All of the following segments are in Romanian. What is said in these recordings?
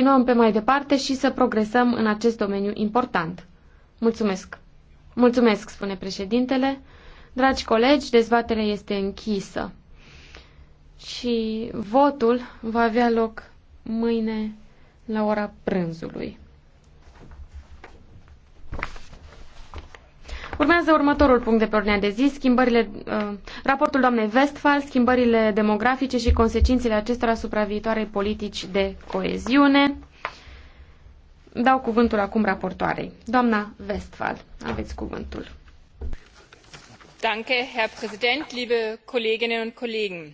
continuăm pe mai departe și să progresăm în acest domeniu important. Mulțumesc! Mulțumesc, spune președintele. Dragi colegi, dezbaterea este închisă și votul va avea loc mâine la ora prânzului. Urmează următorul punct de pe ordinea de zi, schimbările, uh, raportul doamnei Westphal, schimbările demografice și consecințele acestora asupra viitoarei politici de coeziune. Dau cuvântul acum raportoarei. Doamna Westphal, aveți cuvântul. Danke, Herr Präsident, liebe Kolleginnen und Kollegen.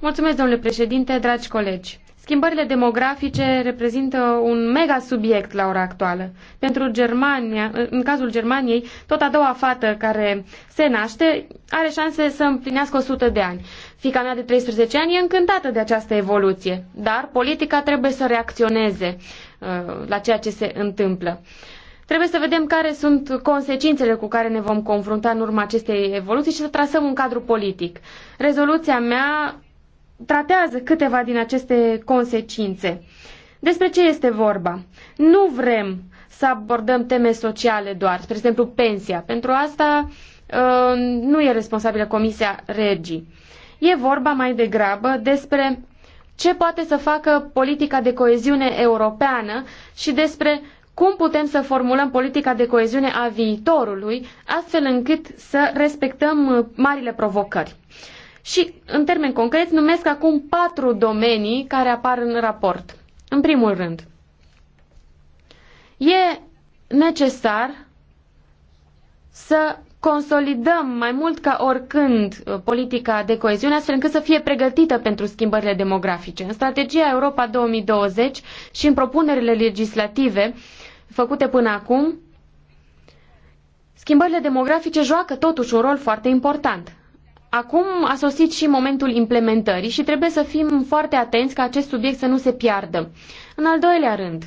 Mulțumesc, domnule președinte, dragi colegi. Schimbările demografice reprezintă un mega subiect la ora actuală. Pentru Germania, în cazul Germaniei, tot a doua fată care se naște are șanse să împlinească 100 de ani. Fica mea de 13 ani e încântată de această evoluție, dar politica trebuie să reacționeze uh, la ceea ce se întâmplă. Trebuie să vedem care sunt consecințele cu care ne vom confrunta în urma acestei evoluții și să trasăm un cadru politic. Rezoluția mea tratează câteva din aceste consecințe. Despre ce este vorba? Nu vrem să abordăm teme sociale doar, spre exemplu pensia. Pentru asta uh, nu e responsabilă Comisia Regii. E vorba mai degrabă despre ce poate să facă politica de coeziune europeană și despre cum putem să formulăm politica de coeziune a viitorului, astfel încât să respectăm uh, marile provocări. Și, în termeni concreți, numesc acum patru domenii care apar în raport. În primul rând, e necesar să consolidăm mai mult ca oricând uh, politica de coeziune astfel încât să fie pregătită pentru schimbările demografice. În strategia Europa 2020 și în propunerile legislative făcute până acum, schimbările demografice joacă totuși un rol foarte important. Acum a sosit și momentul implementării și trebuie să fim foarte atenți ca acest subiect să nu se piardă. În al doilea rând,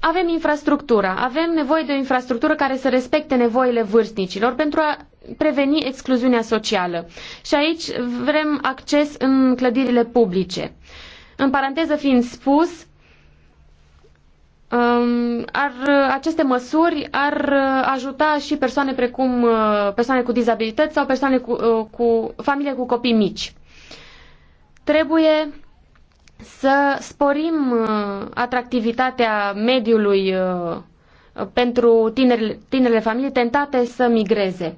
avem infrastructura. Avem nevoie de o infrastructură care să respecte nevoile vârstnicilor pentru a preveni excluziunea socială. Și aici vrem acces în clădirile publice. În paranteză fiind spus, Um, ar, aceste măsuri ar uh, ajuta și persoane precum uh, persoane cu dizabilități sau persoane cu, uh, cu familie cu copii mici. Trebuie să sporim atractivitatea mediului pentru tinerile, tinerile familii tentate să migreze.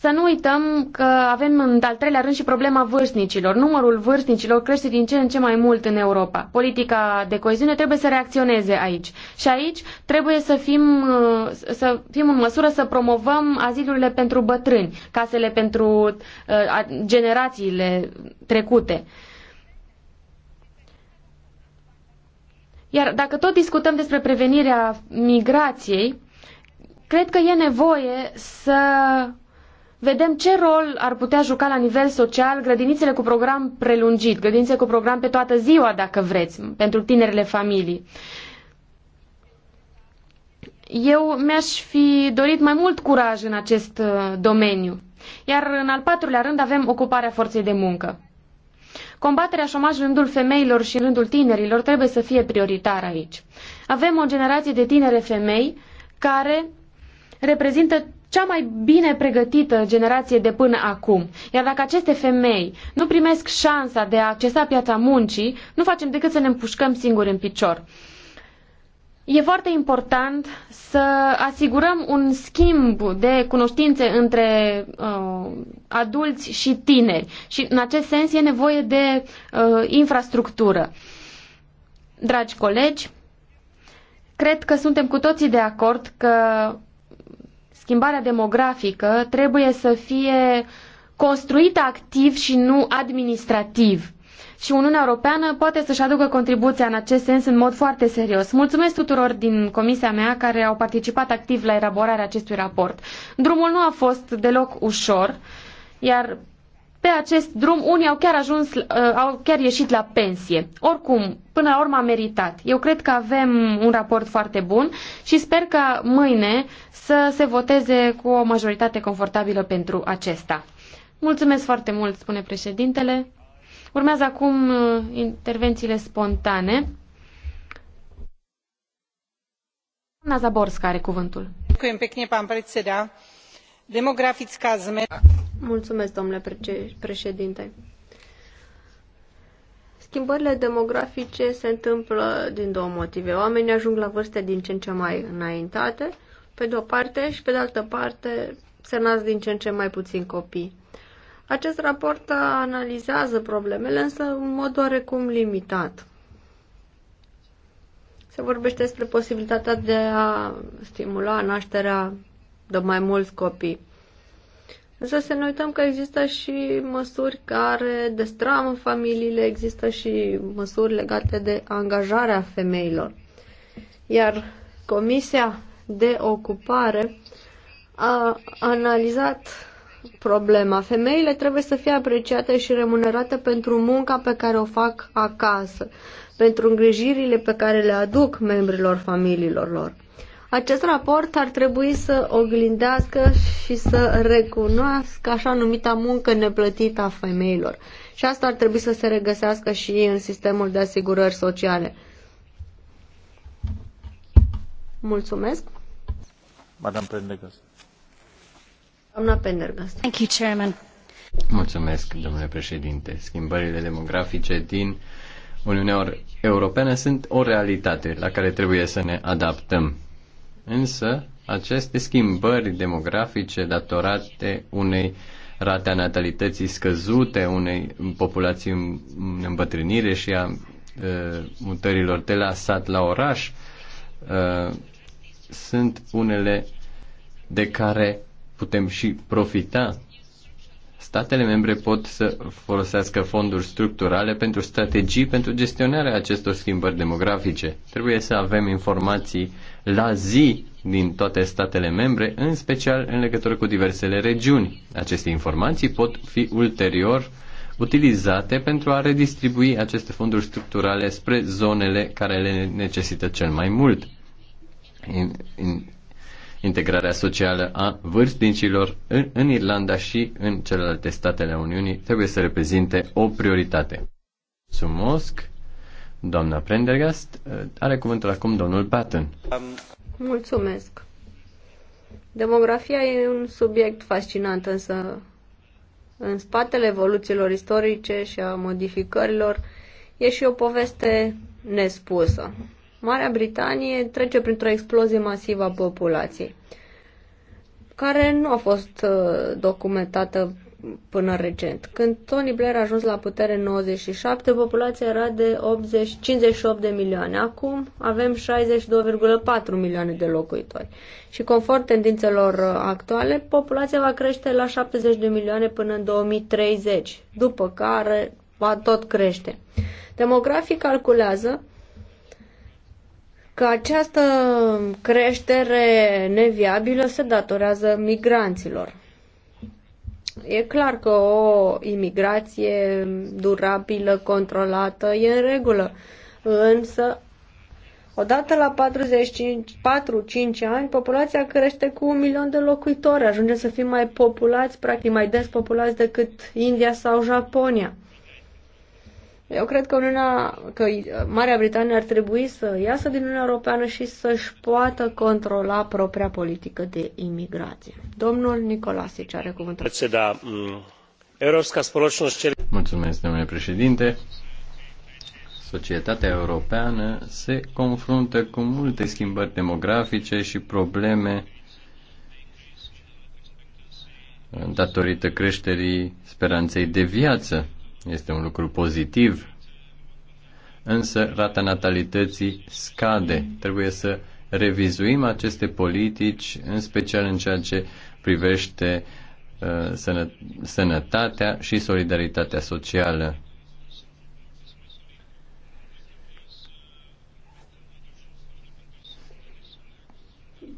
Să nu uităm că avem în al treilea rând și problema vârstnicilor. Numărul vârstnicilor crește din ce în ce mai mult în Europa. Politica de coeziune trebuie să reacționeze aici. Și aici trebuie să fim, uh, să fim în măsură să promovăm azilurile pentru bătrâni, casele pentru uh, generațiile trecute. Iar dacă tot discutăm despre prevenirea migrației, cred că e nevoie să vedem ce rol ar putea juca la nivel social grădinițele cu program prelungit, grădinițe cu program pe toată ziua, dacă vreți, pentru tinerele familii. Eu mi-aș fi dorit mai mult curaj în acest uh, domeniu. Iar în al patrulea rând avem ocuparea forței de muncă. Combaterea șomajului în rândul femeilor și în rândul tinerilor trebuie să fie prioritară aici. Avem o generație de tinere femei care reprezintă cea mai bine pregătită generație de până acum. Iar dacă aceste femei nu primesc șansa de a accesa piața muncii, nu facem decât să ne împușcăm singuri în picior. E foarte important să asigurăm un schimb de cunoștințe între uh, adulți și tineri și în acest sens e nevoie de uh, infrastructură. Dragi colegi, cred că suntem cu toții de acord că schimbarea demografică trebuie să fie construită activ și nu administrativ. Și Uniunea Europeană poate să-și aducă contribuția în acest sens în mod foarte serios. Mulțumesc tuturor din comisia mea care au participat activ la elaborarea acestui raport. Drumul nu a fost deloc ușor, iar pe acest drum unii au chiar ajuns, uh, au chiar ieșit la pensie. Oricum, până la urmă a meritat. Eu cred că avem un raport foarte bun și sper ca mâine să se voteze cu o majoritate confortabilă pentru acesta. Mulțumesc foarte mult, spune președintele. Urmează acum uh, intervențiile spontane. Ana Zaborska are cuvântul. Demografická zmena Mulțumesc, domnule președinte. Schimbările demografice se întâmplă din două motive. Oamenii ajung la vârste din ce în ce mai înaintate, pe de o parte, și pe de altă parte se nasc din ce în ce mai puțin copii. Acest raport analizează problemele, însă în mod oarecum limitat. Se vorbește despre posibilitatea de a stimula nașterea de mai mulți copii. Însă să ne uităm că există și măsuri care destramă familiile, există și măsuri legate de angajarea femeilor. Iar Comisia de Ocupare a analizat problema. Femeile trebuie să fie apreciate și remunerate pentru munca pe care o fac acasă, pentru îngrijirile pe care le aduc membrilor familiilor lor. Acest raport ar trebui să oglindească și să recunoască așa numita muncă neplătită a femeilor. Și asta ar trebui să se regăsească și în sistemul de asigurări sociale. Mulțumesc. Madame Pendergast. Doamna Pendergast. Thank you, Chairman. Mulțumesc, domnule președinte. Schimbările demografice din Uniunea Europeană sunt o realitate la care trebuie să ne adaptăm. Însă, aceste schimbări demografice datorate unei rate a natalității scăzute, unei populații în îmbătrânire și a uh, mutărilor de la sat la oraș, uh, sunt unele de care putem și profita statele membre pot să folosească fonduri structurale pentru strategii pentru gestionarea acestor schimbări demografice. Trebuie să avem informații la zi din toate statele membre, în special în legătură cu diversele regiuni. Aceste informații pot fi ulterior utilizate pentru a redistribui aceste fonduri structurale spre zonele care le necesită cel mai mult. Integrarea socială a vârstnicilor în, în Irlanda și în celelalte state ale Uniunii trebuie să reprezinte o prioritate. Sumosc, doamna Prendergast, uh, are cuvântul acum domnul Patton. Mulțumesc. Demografia e un subiect fascinant, însă în spatele evoluțiilor istorice și a modificărilor e și o poveste nespusă. Marea Britanie trece printr-o explozie masivă a populației, care nu a fost uh, documentată până recent. Când Tony Blair a ajuns la putere în 97, populația era de 80, 58 de milioane. Acum avem 62,4 milioane de locuitori. Și conform tendințelor uh, actuale, populația va crește la 70 de milioane până în 2030, după care va tot crește. Demografii calculează că această creștere neviabilă se datorează migranților. E clar că o imigrație durabilă, controlată, e în regulă, însă Odată la 4 5 ani, populația crește cu un milion de locuitori. ajunge să fim mai populați, practic mai des populați decât India sau Japonia. Eu cred că, Uniunea, că Marea Britanie ar trebui să iasă din Uniunea Europeană și să-și poată controla propria politică de imigrație. Domnul ce are cuvântul. Mm, Mulțumesc, domnule președinte. Societatea europeană se confruntă cu multe schimbări demografice și probleme datorită creșterii speranței de viață este un lucru pozitiv, însă rata natalității scade. Trebuie să revizuim aceste politici, în special în ceea ce privește uh, sănă, sănătatea și solidaritatea socială.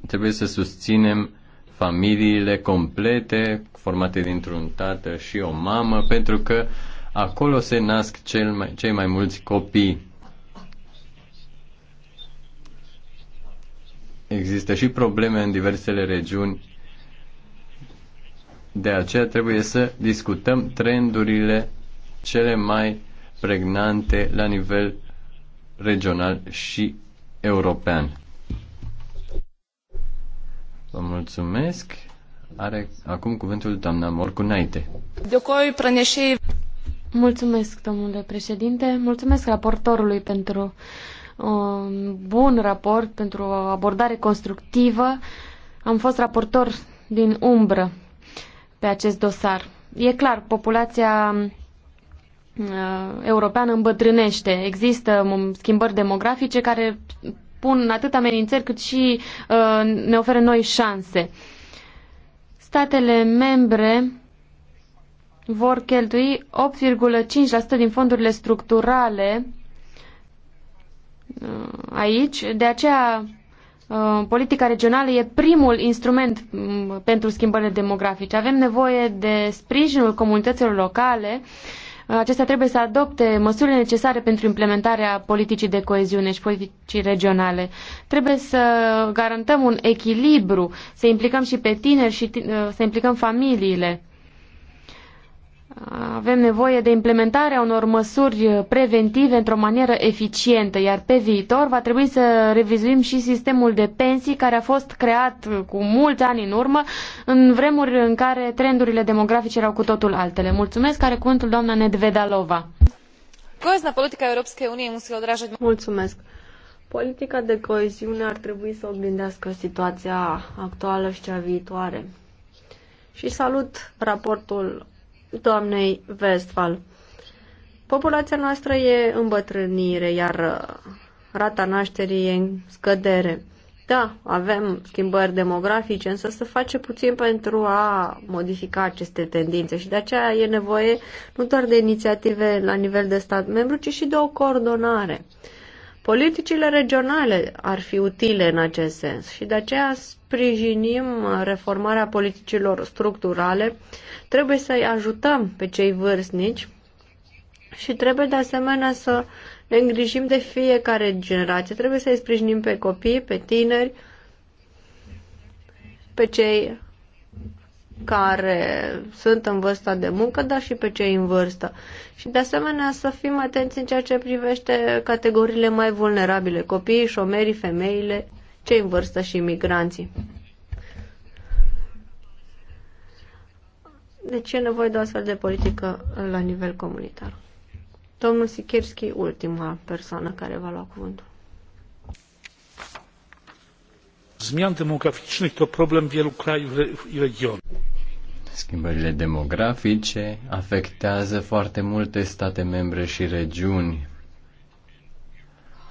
Trebuie să susținem familiile complete, formate dintr-un tată și o mamă, pentru că uh, Acolo se nasc cel mai, cei mai mulți copii. Există și probleme în diversele regiuni. De aceea trebuie să discutăm trendurile cele mai pregnante la nivel regional și european. Vă mulțumesc. Are acum cuvântul doamna Morcunaite. De Mulțumesc, domnule președinte. Mulțumesc raportorului pentru un um, bun raport, pentru o abordare constructivă. Am fost raportor din umbră pe acest dosar. E clar, populația uh, europeană îmbătrânește. Există um, schimbări demografice care pun atât amenințări cât și uh, ne oferă noi șanse. Statele membre vor cheltui 8,5% din fondurile structurale uh, aici. De aceea, uh, politica regională e primul instrument mm, pentru schimbările demografice. Avem nevoie de sprijinul comunităților locale. Uh, acestea trebuie să adopte măsurile necesare pentru implementarea politicii de coeziune și politicii regionale. Trebuie să garantăm un echilibru, să implicăm și pe tineri și să implicăm familiile. Avem nevoie de implementarea unor măsuri preventive într-o manieră eficientă, iar pe viitor va trebui să revizuim și sistemul de pensii care a fost creat cu mulți ani în urmă, în vremuri în care trendurile demografice erau cu totul altele. Mulțumesc, care cuvântul doamna Nedvedalova. Mulțumesc. Politica de coeziune ar trebui să oglindească situația actuală și cea viitoare. Și salut raportul doamnei Westphal. Populația noastră e îmbătrânire, iar uh, rata nașterii e în scădere. Da, avem schimbări demografice, însă se face puțin pentru a modifica aceste tendințe și de aceea e nevoie nu doar de inițiative la nivel de stat membru, ci și de o coordonare. Politicile regionale ar fi utile în acest sens și de aceea sprijinim reformarea politicilor structurale. Trebuie să-i ajutăm pe cei vârstnici și trebuie de asemenea să ne îngrijim de fiecare generație. Trebuie să-i sprijinim pe copii, pe tineri, pe cei care sunt în vârsta de muncă, dar și pe cei în vârstă. Și de asemenea să fim atenți în ceea ce privește categoriile mai vulnerabile, copiii, șomerii, femeile, cei în vârstă și imigranții. Deci e nevoie de o astfel de politică la nivel comunitar. Domnul Sikirski, ultima persoană care va lua cuvântul. Zmian demograficznych to problem wielu krajów i regionów. Schimbările demografice afectează foarte multe state membre și regiuni.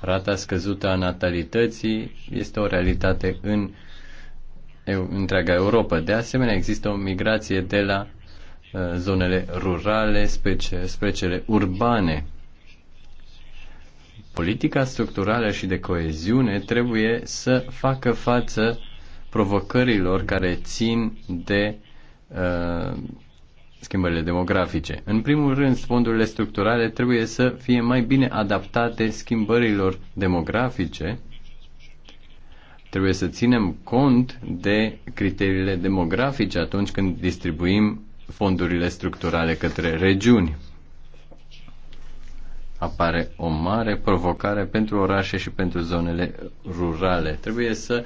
Rata scăzută a natalității este o realitate în întreaga Europa. De asemenea, există o migrație de la uh, zonele rurale spre, ce, spre cele urbane. Politica structurală și de coeziune trebuie să facă față provocărilor care țin de uh, Uh, schimbările demografice. În primul rând, fondurile structurale trebuie să fie mai bine adaptate schimbărilor demografice. Trebuie să ținem cont de criteriile demografice atunci când distribuim fondurile structurale către regiuni. Apare o mare provocare pentru orașe și pentru zonele rurale. Trebuie să uh,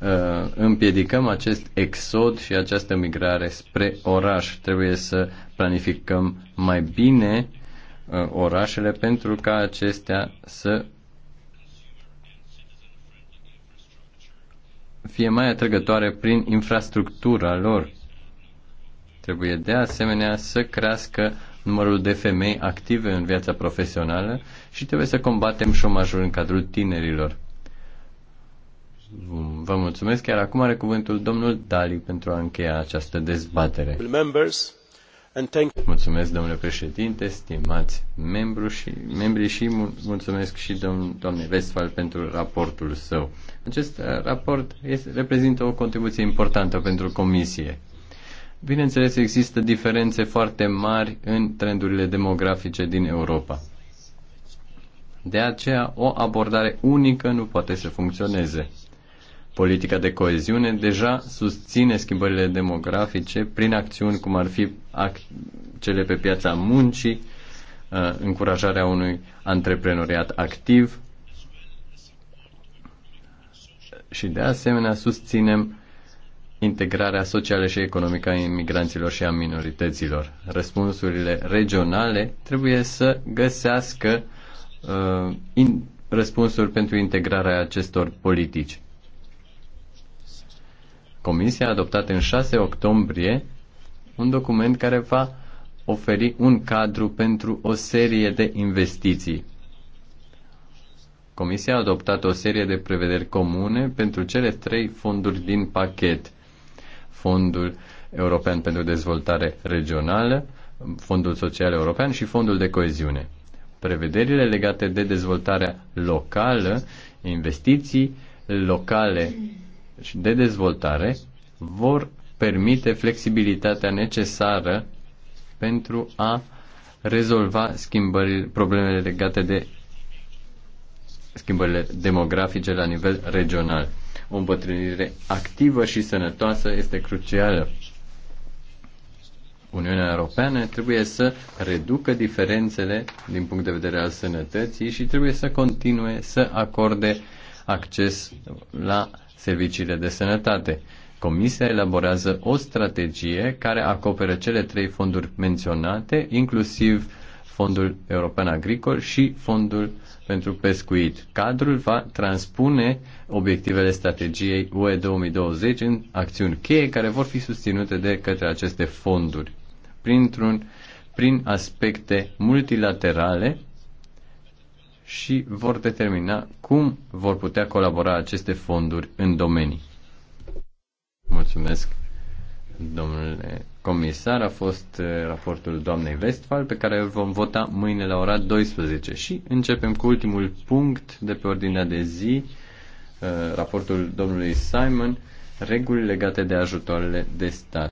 Uh, împiedicăm acest exod și această migrare spre oraș. Trebuie să planificăm mai bine uh, orașele pentru ca acestea să fie mai atrăgătoare prin infrastructura lor. Trebuie de asemenea să crească numărul de femei active în viața profesională și trebuie să combatem șomajul în cadrul tinerilor. Vă mulțumesc. Chiar acum are cuvântul domnul Dali pentru a încheia această dezbatere. Mulțumesc, domnule președinte, stimați membru și, membri și mulțumesc și domn, domnule Westphal pentru raportul său. Acest uh, raport este, reprezintă o contribuție importantă pentru comisie. Bineînțeles, există diferențe foarte mari în trendurile demografice din Europa. De aceea, o abordare unică nu poate să funcționeze. Politica de coeziune deja susține schimbările demografice prin acțiuni cum ar fi cele pe piața muncii, uh, încurajarea unui antreprenoriat activ și de asemenea susținem integrarea socială și economică a imigranților și a minorităților. Răspunsurile regionale trebuie să găsească uh, in, răspunsuri pentru integrarea acestor politici. Comisia a adoptat în 6 octombrie un document care va oferi un cadru pentru o serie de investiții. Comisia a adoptat o serie de prevederi comune pentru cele trei fonduri din pachet. Fondul European pentru Dezvoltare Regională, Fondul Social European și Fondul de Coeziune. Prevederile legate de dezvoltarea locală, investiții locale și de dezvoltare vor permite flexibilitatea necesară pentru a rezolva schimbările, problemele legate de schimbările demografice la nivel regional. O îmbătrânire activă și sănătoasă este crucială. Uniunea Europeană trebuie să reducă diferențele din punct de vedere al sănătății și trebuie să continue să acorde acces la serviciile de sănătate. Comisia elaborează o strategie care acoperă cele trei fonduri menționate, inclusiv Fondul European Agricol și Fondul pentru Pescuit. Cadrul va transpune obiectivele strategiei UE 2020 în acțiuni cheie care vor fi susținute de către aceste fonduri printr-un, prin aspecte multilaterale și vor determina cum vor putea colabora aceste fonduri în domenii. Mulțumesc, domnule comisar. A fost eh, raportul doamnei Westphal, pe care îl vom vota mâine la ora 12. Și începem cu ultimul punct de pe ordinea de zi, eh, raportul domnului Simon, reguli legate de ajutoarele de stat.